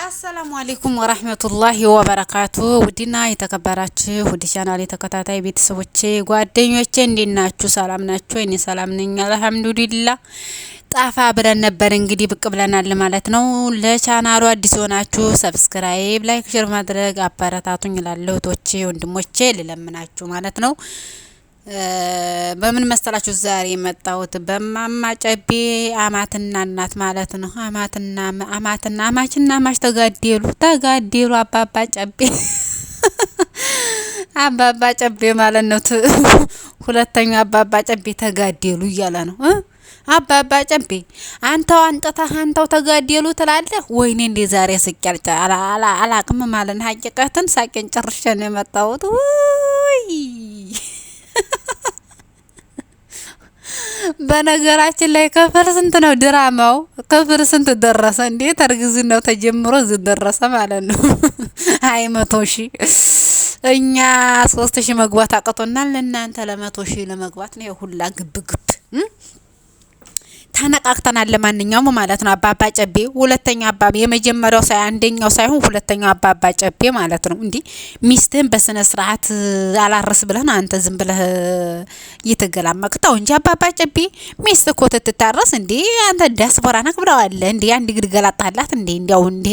አሰላሙ አሌይኩም ወራህመቱላሂ ወበረካቱ። ውድና የተከበራችሁ ውድ ቻናል ተከታታይ ቤተሰቦቼ፣ ጓደኞቼ እንዴት ናችሁ? ሰላም ናችሁ? እኔ ሰላም ነኝ አልሐምዱሊላ። ጣፋ ብለን ነበር እንግዲህ ብቅ ብለናል ማለት ነው። ለቻናሉ አዲስ ሆናችሁ ሰብስክራይብ፣ ላይክ፣ ሼር ማድረግ አበረታቱኝ እላለሁ እህቶቼ፣ ወንድሞቼ ልለምናችሁ ማለት ነው። በምን መሰላችሁ ዛሬ የመጣሁት በማማ አማትና እናት ማለት ነው። አማትና አማትና አማችና አማች ተጋደሉ ተጋደሉ። አባባ ጨቤ አባባ ጨቤ ማለት ነው። ሁለተኛው አባባ ጨቤ ተጋደሉ እያለ ነው። አባባ ጨቤ አንተው አንጥተህ አንተው ተጋደሉ ትላለህ። ወይኔ እንዴ ዛሬ ስቀርጫ አላቅም ማለት ነው። ሀቂቀትን ሳቄን ጨርሼ ነው የመጣሁት ውይ በነገራችን ላይ ክፍል ስንት ነው ድራማው? ክፍል ስንት ደረሰ? እንዴት እርግዝናው ተጀምሮ እዚህ ደረሰ ማለት ነው። አይ መቶ ሺ እኛ ሶስት ሺ መግባት አቅቶናል። እናንተ ለመቶ ሺ ለመግባት ነው የሁላ ግብግብ ተነቃቅተናል። ለማንኛውም ማለት ነው አባባ ጨቤ ሁለተኛ አባ የመጀመሪያው ሳይ አንደኛው ሳይሆን ሁለተኛው አባባ ጨቤ ማለት ነው። እንዲህ ሚስትህን በስነ ስርዓት አላርስ ብለን አንተ ዝም ብለህ እየተገላመቅ ተው እንጂ አባባ ጨቤ ሚስት እኮ ትታረስ እንዴ! አንተ ዲያስፖራ ነክ ብለዋለ እንዲ አንድ አጣላት እንዴ! እንዲያው እንዲ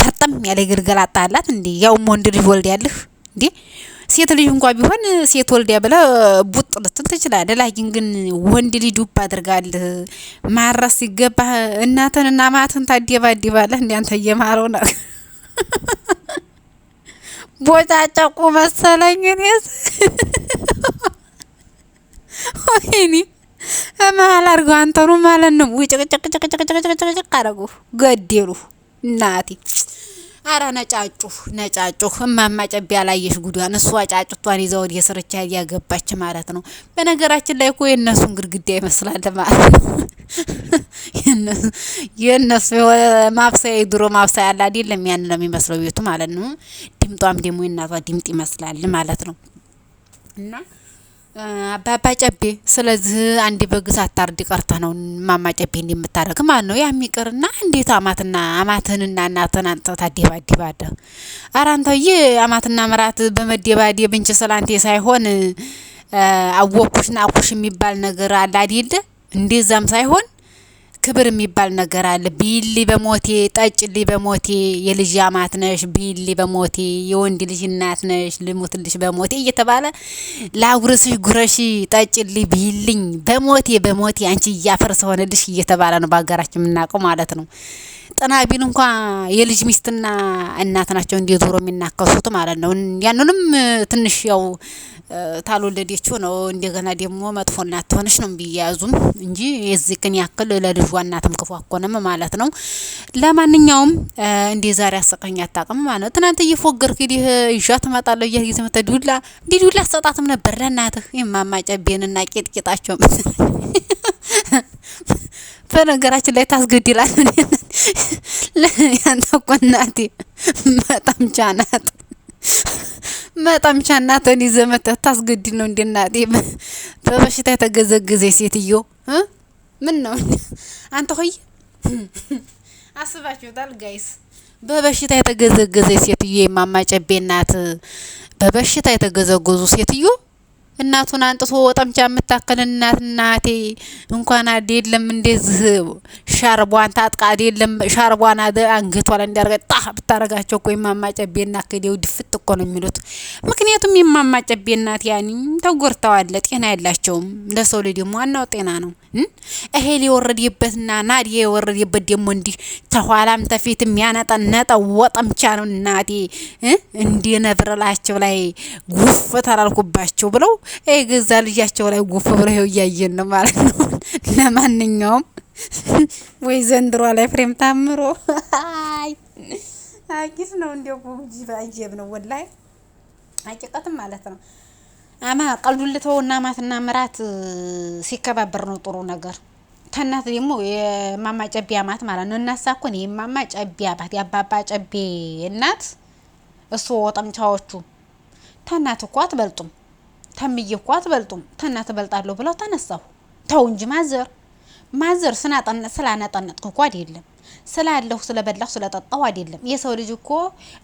ፈርጠም ያለ ግልገላጣላት እንዴ! ያውም ወንድ ልጅ ወልድ ያለህ እንዴ! ሴት ልጅ እንኳ ቢሆን ሴት ወልዲያ ብለ ቡጥ ልትል ትችላለ። ላኪን ግን ወንድ ልጅ ዱብ አድርጋልህ ማራስ ሲገባህ እናትን እና ማትን ታደባድባለህ። እንዲያንተ እየማረው ነው ቦጫጨቁ መሰለኝ እኔስ ወይኔ መሀል አድርገው አንተኑ ማለት ነው ውጭቅጭቅጭቅጭቅጭቅጭቅጭቅ አረጉ ገደሉ እናቴ አራ ነጫጩ ነጫጩ እማማ ጨቢ ያላየሽ ጉዷን እሷ ጫጭቷን ይዛ ወደ ስርቻ ያገባች ማለት ነው። በነገራችን ላይ እኮ የእነሱን ግድግዳ ይመስላል ማለት ነው። የእነሱ ማብሰያ የድሮ ማብሰያ አለ አይደለም ያን ለሚመስለው ቤቱ ማለት ነው። ድምጧም ደግሞ የእናቷ ድምጥ ይመስላል ማለት ነው እና አባባ ጨቤ ስለዚህ አንድ በግ ሳታርድ ቀርተህ ነው ማማ ጨቤ እንደምታረግ ማን ነው። ያም ይቅርና እንዴት አማትና አማትህንና እናትህን አንተ ታደባድባለህ? ኧረ አንተዬ አማትና ምራት በመደባደብ እንጂ ስላንቴ ሳይሆን አወኩሽ ናኩሽ የሚባል ነገር አለ አይደለ? እንደዛም ሳይሆን ክብር የሚባል ነገር አለ። ቢሊ በሞቴ ጠጭሊ በሞቴ የልጅ አማት ነሽ፣ ቢሊ በሞቴ የወንድ ልጅ እናት ነሽ፣ ልሙትልሽ በሞቴ እየተባለ ላጉርስሽ፣ ጉረሺ፣ ጠጭሊ፣ ቢልኝ በሞቴ በሞቴ አንቺ እያፈርስ ሆነልሽ እየተባለ ነው በሀገራችን የምናውቀው ማለት ነው። ጠና ቢል እንኳ የልጅ ሚስትና እናት ናቸው እንዲህ ዞሮ የሚናከሱት ማለት ነው። ያንንም ትንሽ ያው ታልወለደችው ነው። እንደገና ደግሞ መጥፎ እናት ትሆነች ነው ቢያያዙም እንጂ የዚህ ግን ያክል ለልጇ እናትም ክፉ አኮነም ማለት ነው። ለማንኛውም እንደ ዛሬ አሰቃኝ አታውቅም ማለት ነው። ትናንት እየፎገርክ ዲህ ይዣ ትመጣለሁ እያ ጊዜ መተ ዱላ እንዲህ ዱላ አሰጣትም ነበር ለእናትህ የማማጨቤንና ቄጥቄጣቸው በነገራችን ላይ ታስገድላል። ያንተ እኮ እናቴ በጣም ቻናት። መጣምቻ እናተን ይዘመተ ታስገድ ነው እንደናጤ በበሽታ የተገዘገዘ ሴትዮ ምን ነው አንተ ሆይ አስባችሁታል ጋይስ? በበሽታ የተገዘገዘ ሴትዮ የማማጨቤናት በበሽታ የተገዘገዙ ሴትዮ እናቱን አንጥቶ ወጠምቻ የምታክል እናት እናቴ እንኳን አይደለም እንደዚህ ሻርቧን ታጥቃ አይደለም ሻርቧን አንገቷ ላይ እንዳርገ ጣ ብታረጋቸው እኮ የማማጨቤ እናት ከዲው ድፍት እኮ ነው የሚሉት። ምክንያቱም የማማጨቤ እናት ያኒ ተጎድተዋል፣ ጤና የላቸውም። ለሰው ልጅ ደግሞ ዋናው ጤና ነው። እህል የወረደበትና ናዲያ የወረደበት ደግሞ እንዲህ ተኋላም ተፊትም ያነጠነጠ ወጠምቻ ነው እናቴ እንዲህ ነብረላቸው ላይ ጉፍ ተላልኩባቸው ብለው የገዛ ልጃቸው ላይ ጉፍ ብለው ይኸው እያየን ነው ማለት ነው። ለማንኛውም ወይ ዘንድሮ ላይ ፍሬም ታምሮ አይ አጊፍ ነው እንዲያው ጉጂ ባጀብ ነው ወላይ አቂቀትም ማለት ነው። አማ ቀልዱን ልተውና ማትና ምራት ሲከባበር ነው ጥሩ ነገር። ከእናት ደግሞ የማማ ጨቤ አማት ማለት ነው። እናሳ እኮ ነው የማማ ጨቤ አባት የአባባ ጨቤ እናት እሱ ወጠምቻዎቹ ተናት እኮ አትበልጡም። ተምዬ እኮ አትበልጡም ተና ትበልጣለሁ ብለው ተነሳሁ። ተው እንጂ ማዘር ማዘር ስላነጠነጥኩ እኮ አይደለም ስላለሁ ስለበላሁ ስለጠጣሁ አይደለም። የሰው ልጅ እኮ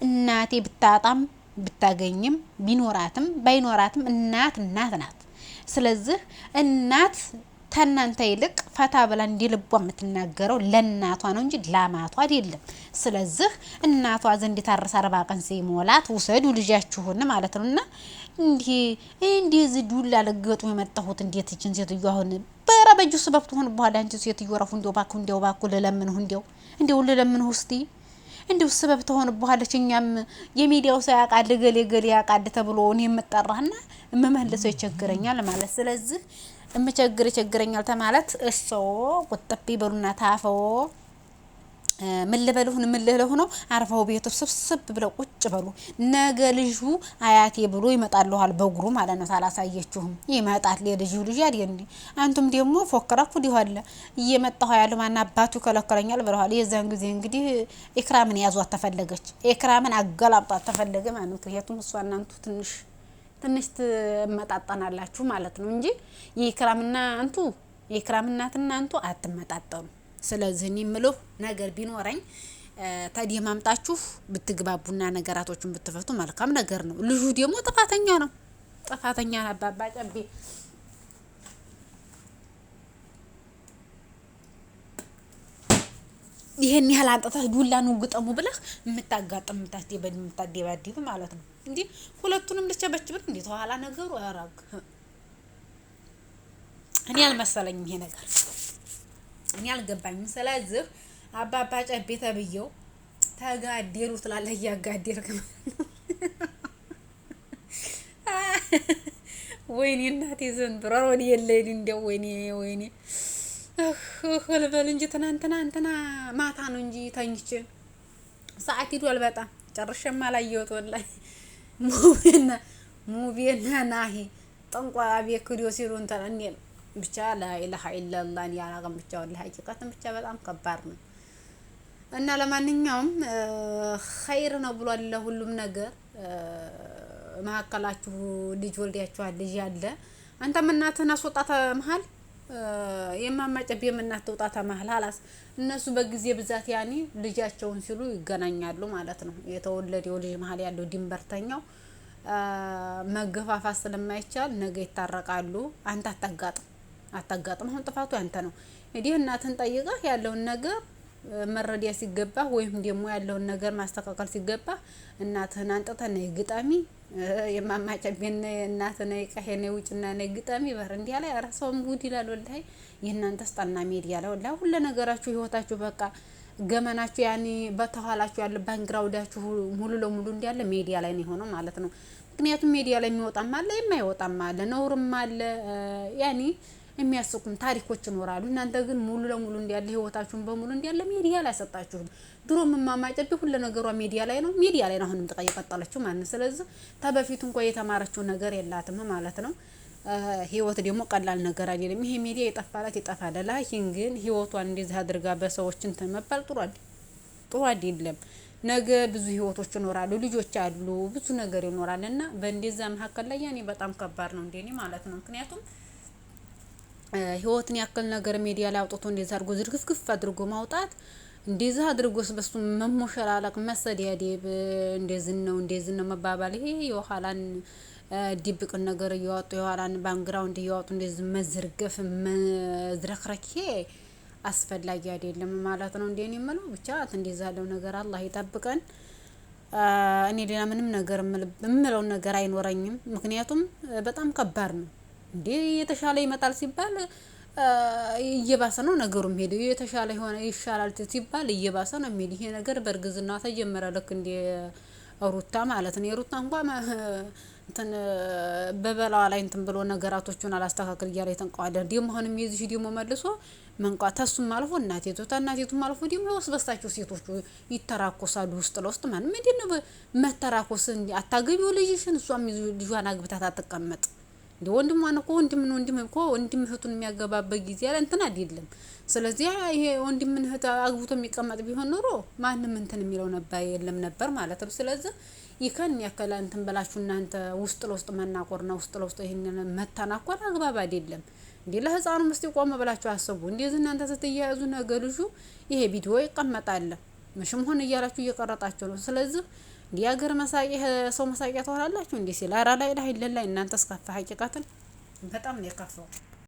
እናቴ ብታጣም ብታገኝም ቢኖራትም ባይኖራትም እናት እናት ናት። ስለዚህ እናት ከእናንተ ይልቅ ፈታ ብላ እንዲ የምትናገረው ለእናቷ ነው እንጂ ላማቷ አይደለም። ስለዚህ እናቷ ዘንድ ታርሳ አርባ ቀን ሲሞላት ውሰዱ ልጃችሁን ማለት ነው እና እንዴ እንደዚህ ዱላ ለገጡ የመጣሁት እንዴት እችን ሴትዮ አሁን በረበጁ ስበብ ትሆን በኋላ አንቺ ሴትዮ ረፉ እንዲያው ባኩ እንዲያው ባኩ ልለምንሁ እንዲያው እንዲያው ልለምንሁ እስቲ እንዲያው ስበብ ትሆን በኋላ እኛም የሚዲያው ሰው ያውቃል ገሌ ገሌ ያውቃል ተብሎ እኔ የምጠራና የምመልሰው ይቸግረኛል ማለት ስለዚህ የምቸግር ይቸግረኛል ተማለት እሶ ቁጥብ ይበሉና ታፈው ምን ልበልሁን ምን ልለሁ ነው። አርፈው ቤቱ ስብስብ ብለው ቁጭ በሉ። ነገ ልጁ አያቴ ብሎ ይመጣልኋል፣ በእግሩ ማለት ነው። ታላሳየችሁም ይመጣል። የልጁ ልጅ አይደል? አንቱም ደግሞ ፎከራኩ ዲሆለ እየመጣሁ ያለ ማና አባቱ ከለከለኛል ብለዋል። የዛን ጊዜ እንግዲህ ኢክራምን ያዟት ተፈለገች። ኢክራምን አገላብጧት ተፈለገ ማለት ምክንያቱም እሷ እናንቱ ትንሽ ትንሽ ትመጣጠናላችሁ ማለት ነው እንጂ የኢክራምና አንቱ የኢክራም እናትና አንቱ አትመጣጠኑ። ስለዚህ እኔ የምለው ነገር ቢኖረኝ ታዲ ማምጣችሁ ብትግባቡና ነገራቶችን ብትፈቱ መልካም ነገር ነው። ልጁ ደግሞ ጥፋተኛ ነው፣ ጥፋተኛ አባባ ጨቤ ይሄን ያህል አንጠታት ዱላ ነው ግጠሙ ብለህ የምታጋጥም የምታደባድብ ማለት ነው። እንዲህ ሁለቱንም ልቸበች ልቸበችብን እንዴ ተኋላ ነገሩ ያራግ እኔ አልመሰለኝም ይሄ ነገር እኔ አልገባኝም። ስለዚህ አባባ ጨቤ ተብዬው ተጋዴሉ ትላለህ እያጋዴልክ ወይኔ እናቴ ዘንድሮ ሮድ የለይን እንደ ወይኔ ወይኔ ልበል እንጂ ትናንትና እንትና ማታ ነው እንጂ ተኝቼ ሰዓት ሂዷል። በጣም ጨርሼም አላየሁት ወላሂ። ሙቤና ሙቤና ናሂ ጠንቋ ቤክዶ ሲሉ እንትን እኔ ነው ብቻ ላኢላሀ ኢለላህን ያላቅም ብቻ ወላ ሀቂቀትን ብቻ በጣም ከባድ ነው እና ለማንኛውም ኸይር ነው ብሏል ለሁሉም ነገር። መሀከላችሁ ልጅ ወልዳችኋል፣ ልጅ ያለ አንተም እናትህን አስወጣት መሀል የማማጨብ የምናት ተውጣታ መሀል ሀላስ እነሱ በጊዜ ብዛት ያኔ ልጃቸውን ሲሉ ይገናኛሉ ማለት ነው። የተወለደው ልጅ መሀል ያለው ድንበርተኛው መገፋፋት ስለማይቻል ነገ ይታረቃሉ። አንተ አታጋጥም አታጋጥም። አሁን ጥፋቱ ያንተ ነው። እንግዲህ እናትን ጠይቀህ ያለውን ነገር መረዳት ሲገባ ወይም ደግሞ ያለውን ነገር ማስተካከል ሲገባ እናትህን አንጥተህ ነይ ግጠሚ የማማጫ ቤነ እናት ነይ ቀሄ ነይ ውጭና ነይ ግጠሚ በር እንዲያ ላይ ራሰውም ጉድ ይላል። ወላሂ የእናንተ ስጣና ሜድ ያለ ወላሂ ሁለ ነገራችሁ ህይወታችሁ በቃ ገመናችሁ ያኔ በተኋላችሁ ያለ ባንግራውዳችሁ ሙሉ ለሙሉ እንዲያለ ሜዲያ ላይ ነው የሆነው ማለት ነው። ምክንያቱም ሜዲያ ላይ የሚወጣም አለ የማይወጣም አለ ነውርም አለ ያኔ የሚያስቁም ታሪኮች ይኖራሉ። እናንተ ግን ሙሉ ለሙሉ እንዲያለ ህይወታችሁን በሙሉ እንዲያለ ሚዲያ ላይ አሰጣችሁም። ድሮ የምማማጨብ ሁለ ነገሯ ሚዲያ ላይ ነው፣ ሚዲያ ላይ ነው አሁንም ጥቃ የቀጠለችው ማለት ነው። ስለዚህ ተበፊቱ እንኳ የተማረችው ነገር የላትም ማለት ነው። ህይወት ደግሞ ቀላል ነገር አይደለም። ይሄ ሚዲያ የጠፋላት ይጠፋል። ላኪን ግን ህይወቷን እንደዚህ አድርጋ በሰዎች እንትን መባል ጥሩ አይደል፣ ጥሩ አይደለም። ነገ ብዙ ህይወቶች ይኖራሉ፣ ልጆች አሉ፣ ብዙ ነገር ይኖራል እና በእንደዛ መካከል ላይ ያኔ በጣም ከባድ ነው እንደኔ ማለት ነው ምክንያቱም ህይወትን ያክል ነገር ሚዲያ ላይ አውጥቶ እንደዛ አድርጎ ዝርግፍግፍ አድርጎ ማውጣት እንደዛ አድርጎ ስበሱ መሞሸላለቅ መሰድ ያዴብ እንደዝን ነው እንደዝን ነው መባባል ይሄ የኋላን ድብቅን ነገር እያወጡ የኋላን ባንግራውንድ እያወጡ እንደዚ መዝርገፍ መዝረክረኬ አስፈላጊ አይደለም ማለት ነው። እንዴ የምለው ብቻ እንደዛ ያለው ነገር አላህ ይጠብቀን። እኔ ሌላ ምንም ነገር የምለውን ነገር አይኖረኝም። ምክንያቱም በጣም ከባድ ነው። እንዴ የተሻለ ይመጣል ሲባል እየባሰ ነው ነገሩ የሚሄደው። የተሻለ ሆነ ይሻላል ሲባል እየባሰ ነው የሚሄድ። ይሄ ነገር በእርግዝና ተጀመረ። ልክ እንደ ሩታ ማለት ነው። የሩታ እንኳ እንትን በበላዋ ላይ እንትን ብሎ ነገራቶቹን አላስተካክል እያለ የተንቀዋደ ደግሞ አሁንም የዚህ ደግሞ መልሶ መንቋ ተሱም አልፎ እናቴቱ እናቴቱም አልፎ ደግሞ የወስበስታቸው ሴቶቹ ይተራኮሳሉ ውስጥ ለውስጥ ማለት ምንድን ነው መተራኮስ? አታገቢው ልጅሽን እሷም ልጇን አግብታት አትቀመጥ እንደ ወንድሟን እኮ ወንድምን ወንድም እኮ ወንድም እህቱን የሚያገባበት ጊዜ ያለ እንትን አይደለም። ስለዚህ ይሄ ወንድምን እህት አግብቶ የሚቀመጥ ቢሆን ኖሮ ማንም እንትን የሚለው ነበር የለም ነበር ማለት ነው። ስለዚህ ይከን ያከለ እንትን በላችሁ እናንተ ውስጥ ለውስጥ መናቆርና ውስጥ ለውስጥ ይሄንን መታናቆር አግባብ አይደለም። እንዴ ለህፃኑ ምስቲ ቆመ ብላችሁ አስቡ። እንደዚህ እናንተ ስትያያዙ ነገ ልጁ ይሄ ቪዲዮ ይቀመጣል መሽም ሆነ እያላችሁ እየቀረጣቸው ነው። ስለዚህ የአገር መሳቂያ ሰው መሳቂያ ትሆናላችሁ እንዲህ ሲል ኧረ ላኢላሀ ኢለላህ እናንተስ ከፋ ሀቂቃትን በጣም ነው የከፋው።